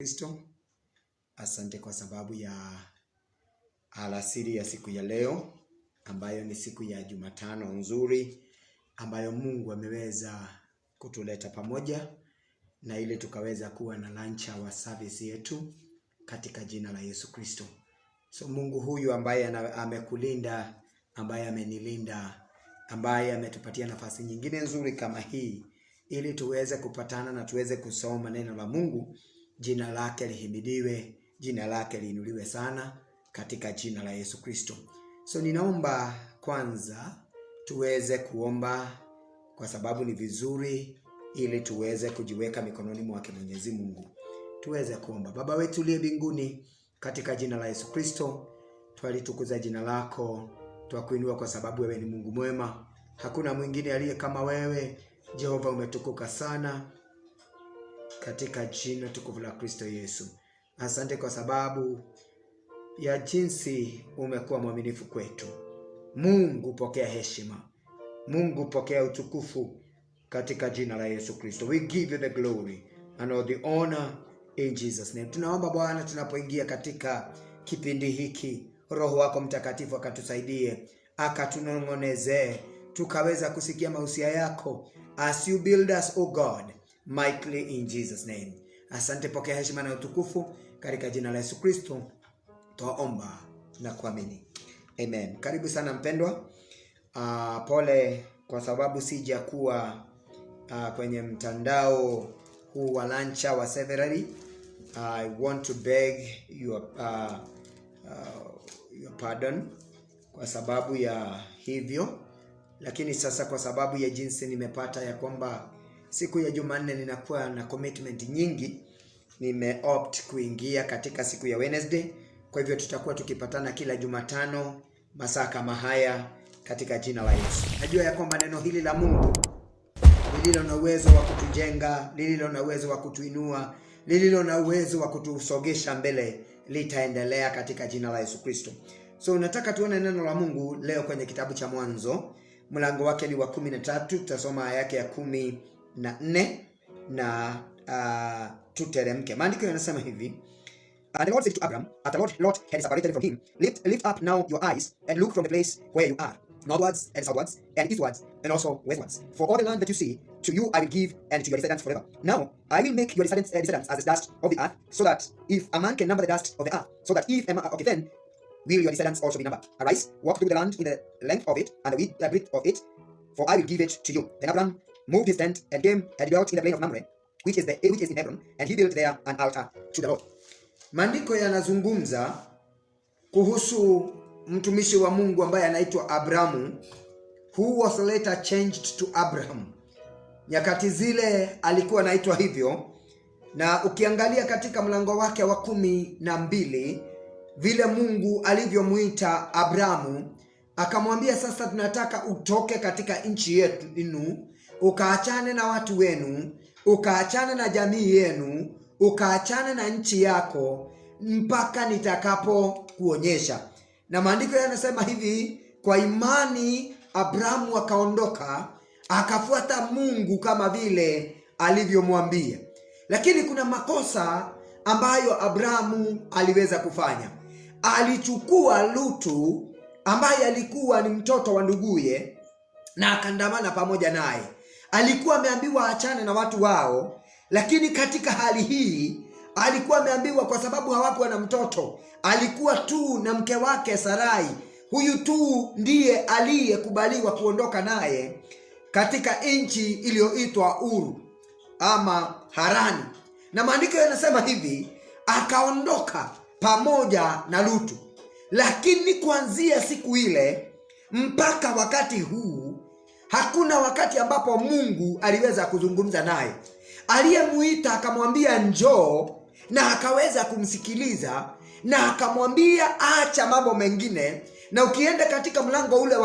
Kristo, asante kwa sababu ya alasiri ya siku ya leo ambayo ni siku ya Jumatano nzuri ambayo Mungu ameweza kutuleta pamoja na ili tukaweza kuwa na lancha wa service yetu katika jina la Yesu Kristo. So Mungu huyu ambaye amekulinda, ambaye amenilinda, ambaye ametupatia nafasi nyingine nzuri kama hii ili tuweze kupatana na tuweze kusoma neno la Mungu Jina lake lihimidiwe, jina lake liinuliwe sana katika jina la Yesu Kristo. So ninaomba kwanza tuweze kuomba kwa sababu ni vizuri ili tuweze kujiweka mikononi mwake Mwenyezi Mungu. Tuweze kuomba. Baba wetu uliye mbinguni, katika jina la Yesu Kristo, twalitukuza jina lako, twakuinua kwa sababu wewe ni Mungu mwema. Hakuna mwingine aliye kama wewe. Jehova umetukuka sana katika jina tukufu la Kristo Yesu. Asante kwa sababu ya jinsi umekuwa mwaminifu kwetu. Mungu pokea heshima, Mungu pokea utukufu katika jina la Yesu Kristo. We give you the glory and all the honor in Jesus name. Tunaomba Bwana, tunapoingia katika kipindi hiki, Roho wako Mtakatifu akatusaidie, akatunong'onezee, tukaweza kusikia mausia yako as you build us, oh God mightily in Jesus name. Asante, pokea heshima na utukufu katika jina la Yesu Kristo, twaomba na kuamini amen. Karibu sana mpendwa. Uh, pole kwa sababu sijakuwa uh, kwenye mtandao huu wa lancha wa Severary. I want to beg your, uh, uh, your pardon kwa sababu ya hivyo, lakini sasa kwa sababu ya jinsi nimepata ya kwamba siku ya Jumanne ninakuwa na commitment nyingi, nimeopt kuingia katika siku ya Wednesday. Kwa hivyo tutakuwa tukipatana kila Jumatano masaa kama haya katika jina la Yesu. Najua ya kwamba neno hili la Mungu lililo na uwezo wa kutujenga, lililo na uwezo wa kutuinua, lililo na uwezo wa kutusogesha mbele litaendelea katika jina la Yesu Kristo. So nataka tuone neno la Mungu leo kwenye kitabu cha Mwanzo mlango wake ni wa kumi na tatu, tutasoma aya yake ya kumi na nne na uh, tuteremke. Maandiko yanasema hivi And uh, the Lord said to Abram, after the Lord Lot had separated from him, lift, lift up now your eyes and look from the place where you are, northwards and southwards and eastwards and also westwards. For all the land that you see, to you I will give and to your descendants forever. Now I will make your descendants, uh, descendants as the dust of the earth, so that if a man can number the dust of the earth, so that if a man, okay, then will your descendants also be numbered. Arise, walk through the land in the length of it and the width, the uh, breadth of it, for I will give it to you. Then Abram moved his tent and came and dwelt in the plain of Mamre which is the which is in Hebron and he built there an altar to the Lord. Maandiko yanazungumza kuhusu mtumishi wa Mungu ambaye anaitwa Abrahamu who was later changed to Abraham. Nyakati zile alikuwa anaitwa hivyo, na ukiangalia katika mlango wake wa kumi na mbili vile Mungu alivyomuita Abrahamu akamwambia, sasa tunataka utoke katika nchi yetu inu ukaachane na watu wenu, ukaachane na jamii yenu, ukaachane na nchi yako mpaka nitakapokuonyesha. Na maandiko yanasema hivi, kwa imani Abrahamu akaondoka akafuata Mungu kama vile alivyomwambia. Lakini kuna makosa ambayo Abrahamu aliweza kufanya. Alichukua Lutu ambaye alikuwa ni mtoto wa nduguye na akaandamana pamoja naye alikuwa ameambiwa achane na watu wao, lakini katika hali hii alikuwa ameambiwa, kwa sababu hawakuwa na mtoto, alikuwa tu na mke wake Sarai. Huyu tu ndiye aliyekubaliwa kuondoka naye katika nchi iliyoitwa Uru ama Harani, na maandiko yanasema hivi, akaondoka pamoja na Lutu. Lakini kuanzia siku ile mpaka wakati huu Hakuna wakati ambapo Mungu aliweza kuzungumza naye. Aliyemuita akamwambia njoo, na akaweza kumsikiliza na akamwambia acha mambo mengine. Na ukienda katika mlango ule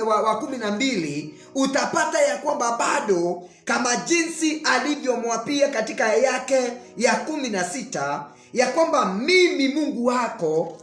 wa kumi na mbili utapata ya kwamba bado kama jinsi alivyomwapia katika yake ya kumi na sita ya kwamba mimi Mungu wako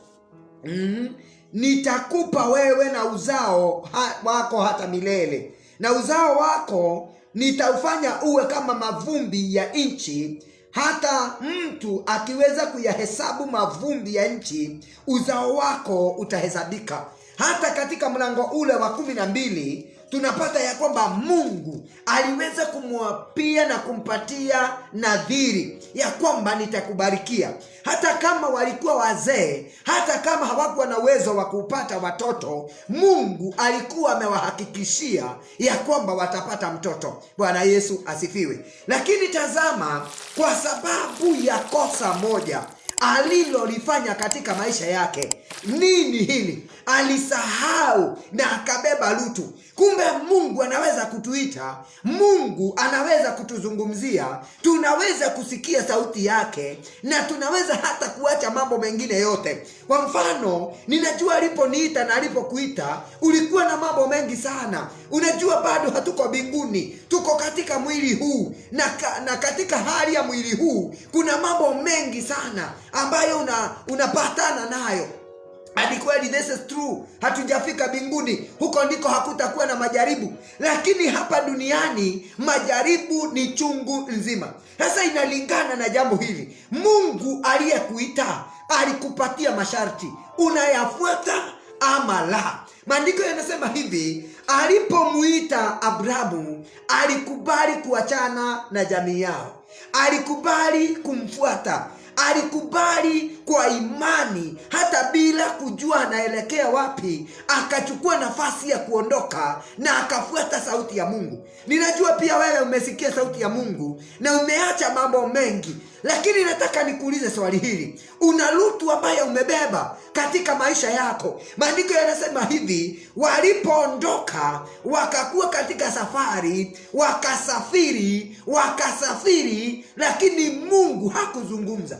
mm, nitakupa wewe na uzao ha, wako hata milele na uzao wako nitaufanya uwe kama mavumbi ya nchi hata mtu akiweza kuyahesabu mavumbi ya nchi, uzao wako utahesabika. Hata katika mlango ule wa kumi na mbili tunapata ya kwamba Mungu aliweza kumwapia na kumpatia nadhiri ya kwamba nitakubarikia. Hata kama walikuwa wazee, hata kama hawakuwa na uwezo wa kupata watoto, Mungu alikuwa amewahakikishia ya kwamba watapata mtoto. Bwana Yesu asifiwe. Lakini tazama, kwa sababu ya kosa moja alilolifanya katika maisha yake. Nini hili? Alisahau na akabeba lutu. Kumbe Mungu anaweza kutuita, Mungu anaweza kutuzungumzia, tunaweza kusikia sauti yake na tunaweza hata kuacha mambo mengine yote. Kwa mfano, ninajua aliponiita na alipokuita ulikuwa na mambo mengi sana. Unajua bado hatuko mbinguni, tuko katika mwili huu na, ka, na katika hali ya mwili huu kuna mambo mengi sana ambayo una, unapatana nayo. Hadi kweli, this is true, hatujafika mbinguni, huko ndiko hakutakuwa na majaribu, lakini hapa duniani majaribu ni chungu nzima. Sasa inalingana na jambo hili, Mungu aliyekuita alikupatia masharti, unayafuata ama la? Maandiko yanasema hivi, alipomwita Abrahamu alikubali kuachana na jamii yao, alikubali kumfuata alikubali kwa imani hata bila kujua anaelekea wapi, akachukua nafasi ya kuondoka na akafuata sauti ya Mungu. Ninajua pia wewe umesikia sauti ya Mungu na umeacha mambo mengi, lakini nataka nikuulize swali hili, una lutu ambayo umebeba katika maisha yako? Maandiko yanasema hivi, walipoondoka wakakuwa katika safari, wakasafiri, wakasafiri, lakini Mungu hakuzungumza.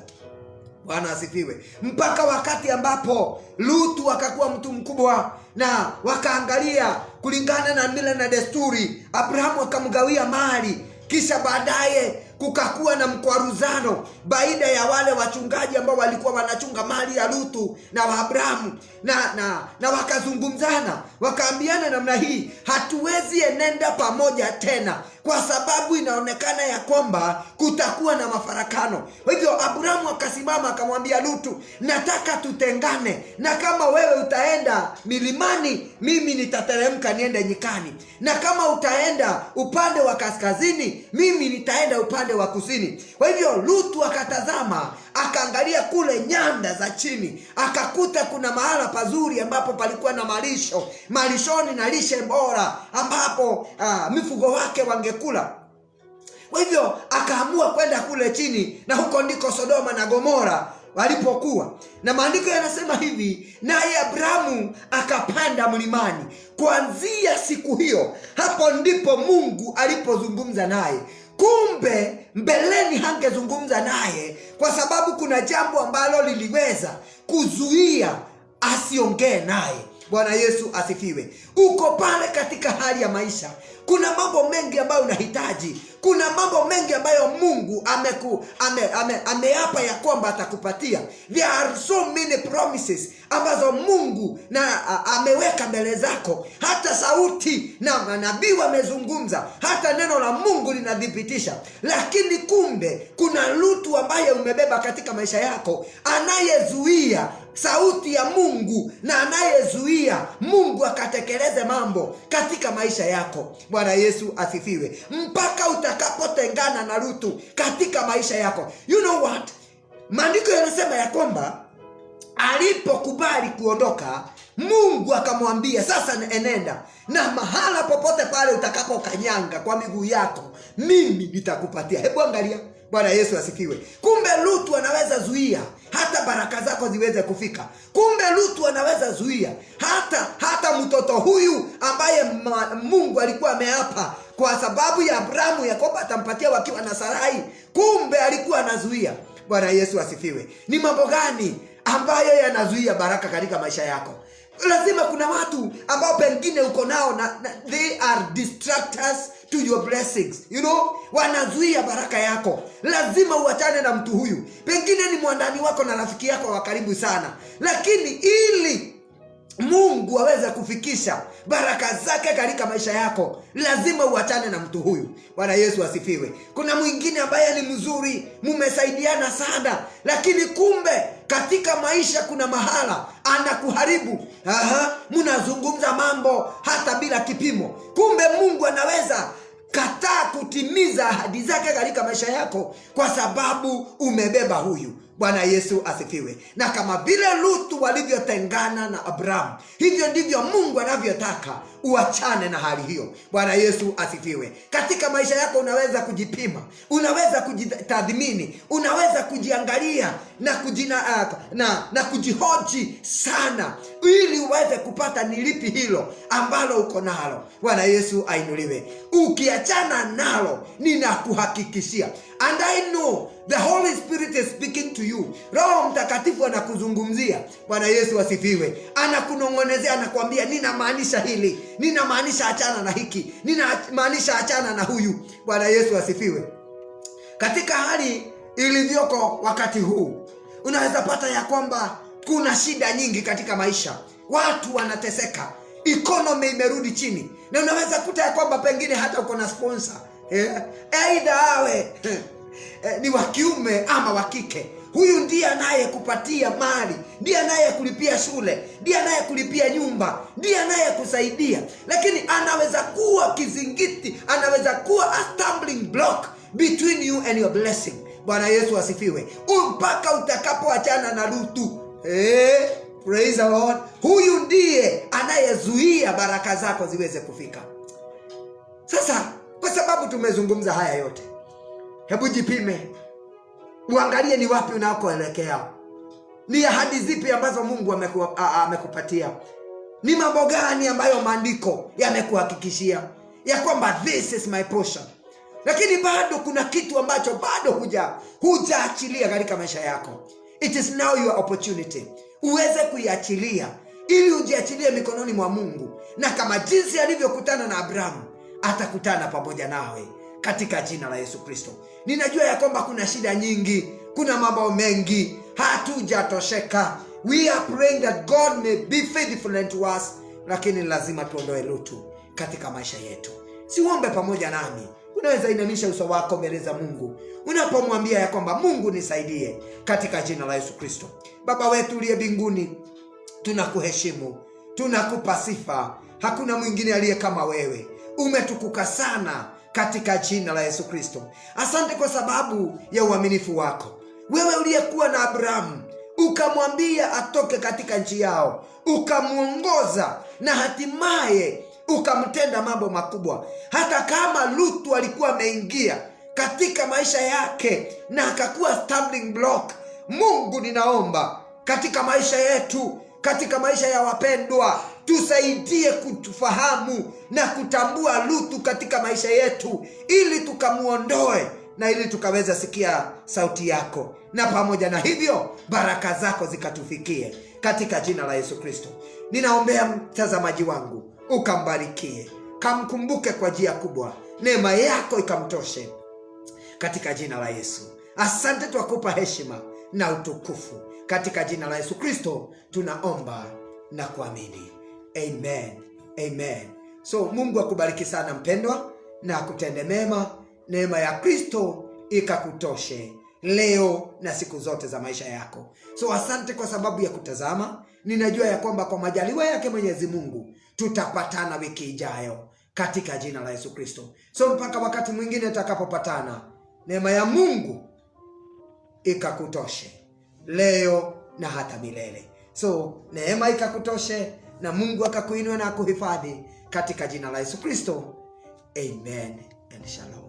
Bwana asifiwe. Mpaka wakati ambapo Lutu akakuwa mtu mkubwa na wakaangalia kulingana na mila na desturi, Abrahamu akamgawia mali, kisha baadaye kukakuwa na mkwaruzano baida ya wale wachungaji ambao walikuwa wanachunga mali ya Lutu na Waabrahamu na, na, na wakazungumzana wakaambiana namna hii, hatuwezi enenda pamoja tena kwa sababu inaonekana ya kwamba kutakuwa na mafarakano. Kwa hivyo Abrahamu akasimama akamwambia Lutu, nataka tutengane, na kama wewe utaenda milimani, mimi nitateremka niende nyikani, na kama utaenda upande wa kaskazini, mimi nitaenda upande upande wa kusini. Kwa hivyo Lutu akatazama, akaangalia kule nyanda za chini, akakuta kuna mahala pazuri ambapo palikuwa na malisho, malishoni na lishe bora, ambapo aa, ah, mifugo wake wangekula. Kwa hivyo akaamua kwenda kule chini, na huko ndiko Sodoma na Gomora walipokuwa na maandiko yanasema hivi, naye Abrahamu akapanda mlimani. Kuanzia siku hiyo, hapo ndipo Mungu alipozungumza naye. Kumbe mbeleni hangezungumza naye kwa sababu kuna jambo ambalo liliweza kuzuia asiongee naye. Bwana Yesu asifiwe. Uko pale katika hali ya maisha, kuna mambo mengi ambayo unahitaji, kuna mambo mengi ambayo Mungu ameku ame, ame, ameapa ya kwamba atakupatia. There are so many promises ambazo Mungu na a, ameweka mbele zako, hata sauti na manabii wamezungumza, hata neno la Mungu linathibitisha, lakini kumbe kuna lutu ambaye umebeba katika maisha yako anayezuia sauti ya Mungu na anayezuia Mungu akatekeleze mambo katika maisha yako. Bwana Yesu asifiwe, mpaka utakapotengana na rutu katika maisha yako. You know what, maandiko yanasema ya kwamba alipokubali kuondoka Mungu akamwambia sasa, enenda na mahala popote pale utakapokanyanga kwa miguu yako mimi nitakupatia. Hebu angalia, Bwana Yesu asifiwe. Kumbe Lutu anaweza zuia hata baraka zako ziweze kufika. Kumbe Lutu anaweza zuia hata hata mtoto huyu ambaye Mungu alikuwa ameapa kwa sababu ya Abrahamu, Yakobo atampatia wakiwa na Sarai, kumbe alikuwa anazuia. Bwana Yesu asifiwe. Ni mambo gani ambayo yanazuia baraka katika maisha yako? Lazima kuna watu ambao pengine uko nao na, na they are distractors to your blessings you know, wanazuia baraka yako. Lazima uachane na mtu huyu, pengine ni mwandani wako na rafiki yako wa karibu sana, lakini ili Mungu aweze kufikisha baraka zake katika maisha yako, lazima uachane na mtu huyu. Bwana Yesu asifiwe. Kuna mwingine ambaye ni mzuri, mumesaidiana sana, lakini kumbe katika maisha kuna mahala anakuharibu. Aha, mnazungumza mambo hata bila kipimo, kumbe Mungu anaweza Kataa kutimiza ahadi zake katika maisha yako, kwa sababu umebeba huyu Bwana Yesu asifiwe. Na kama vile Lutu walivyotengana na Abrahamu, hivyo ndivyo Mungu anavyotaka uachane na hali hiyo. Bwana Yesu asifiwe. Katika maisha yako unaweza kujipima, unaweza kujitathmini, unaweza kujiangalia na kujina, ah, na, na kujihoji sana, ili uweze kupata ni lipi hilo ambalo uko nalo. Bwana Yesu ainuliwe. Ukiachana nalo, ninakuhakikishia and I know The Holy Spirit is speaking to you. Roho Mtakatifu anakuzungumzia. Bwana Yesu asifiwe, anakunong'onezea, anakuambia ninamaanisha hili, ninamaanisha achana na hiki, ninamaanisha achana na huyu. Bwana Yesu asifiwe. Katika hali ilivyoko wakati huu, unaweza pata ya kwamba kuna shida nyingi katika maisha, watu wanateseka, ikonomi imerudi chini, na unaweza kuta ya kwamba pengine hata uko na sponsor, eh, aidha awe eh, ni wa kiume ama wa kike. Huyu ndiye anayekupatia mali, ndiye anayekulipia shule, ndiye anayekulipia nyumba, ndiye anayekusaidia, lakini anaweza kuwa kizingiti, anaweza kuwa a stumbling block between you and your blessing. Bwana Yesu asifiwe, mpaka utakapoachana na Lutu. Hey, eh, praise the Lord. Huyu ndiye anayezuia baraka zako ziweze kufika. Sasa kwa sababu tumezungumza haya yote Hebu jipime, uangalie ni wapi unakoelekea, ni ahadi zipi ambazo Mungu amekupatia, ni mambo gani ambayo maandiko yamekuhakikishia ya kwamba this is my portion. Lakini bado kuna kitu ambacho bado huja hujaachilia katika maisha yako. It is now your opportunity uweze kuiachilia ili ujiachilie mikononi mwa Mungu, na kama jinsi alivyokutana na Abrahamu atakutana pamoja nawe katika jina la Yesu Kristo. Ninajua ya kwamba kuna shida nyingi, kuna mambo mengi, hatujatosheka. We are praying that God may be faithful unto us, lakini lazima tuondoe lutu katika maisha yetu. Siuombe pamoja nami. Unaweza inamisha uso wako mbele za Mungu unapomwambia ya kwamba Mungu, nisaidie katika jina la Yesu Kristo. Baba wetu uliye mbinguni, tunakuheshimu, tunakupa sifa. Hakuna mwingine aliye kama wewe, umetukuka sana katika jina la Yesu Kristo. Asante kwa sababu ya uaminifu wako wewe, uliyekuwa na Abrahamu ukamwambia atoke katika nchi yao, ukamwongoza na hatimaye ukamtenda mambo makubwa. Hata kama Lutu alikuwa ameingia katika maisha yake na akakuwa stumbling block, Mungu ninaomba katika maisha yetu, katika maisha ya wapendwa tusaidie kutufahamu na kutambua ruthu katika maisha yetu, ili tukamwondoe na ili tukaweza sikia sauti yako, na pamoja na hivyo baraka zako zikatufikie katika jina la Yesu Kristo. Ninaombea mtazamaji wangu, ukambarikie, kamkumbuke kwa njia kubwa, neema yako ikamtoshe katika jina la Yesu. Asante, twakupa heshima na utukufu katika jina la Yesu Kristo tunaomba na kuamini. Amen. Amen. So Mungu akubariki sana mpendwa, na akutende mema, neema ya Kristo ikakutoshe leo na siku zote za maisha yako. So asante kwa sababu ya kutazama. Ninajua ya kwamba kwa majaliwa yake Mwenyezi Mungu tutapatana wiki ijayo katika jina la Yesu Kristo. So mpaka wakati mwingine tutakapopatana, neema ya Mungu ikakutoshe leo na hata milele. So neema ikakutoshe na Mungu akakuinua na akuhifadhi katika jina la Yesu Kristo, amen and shalom.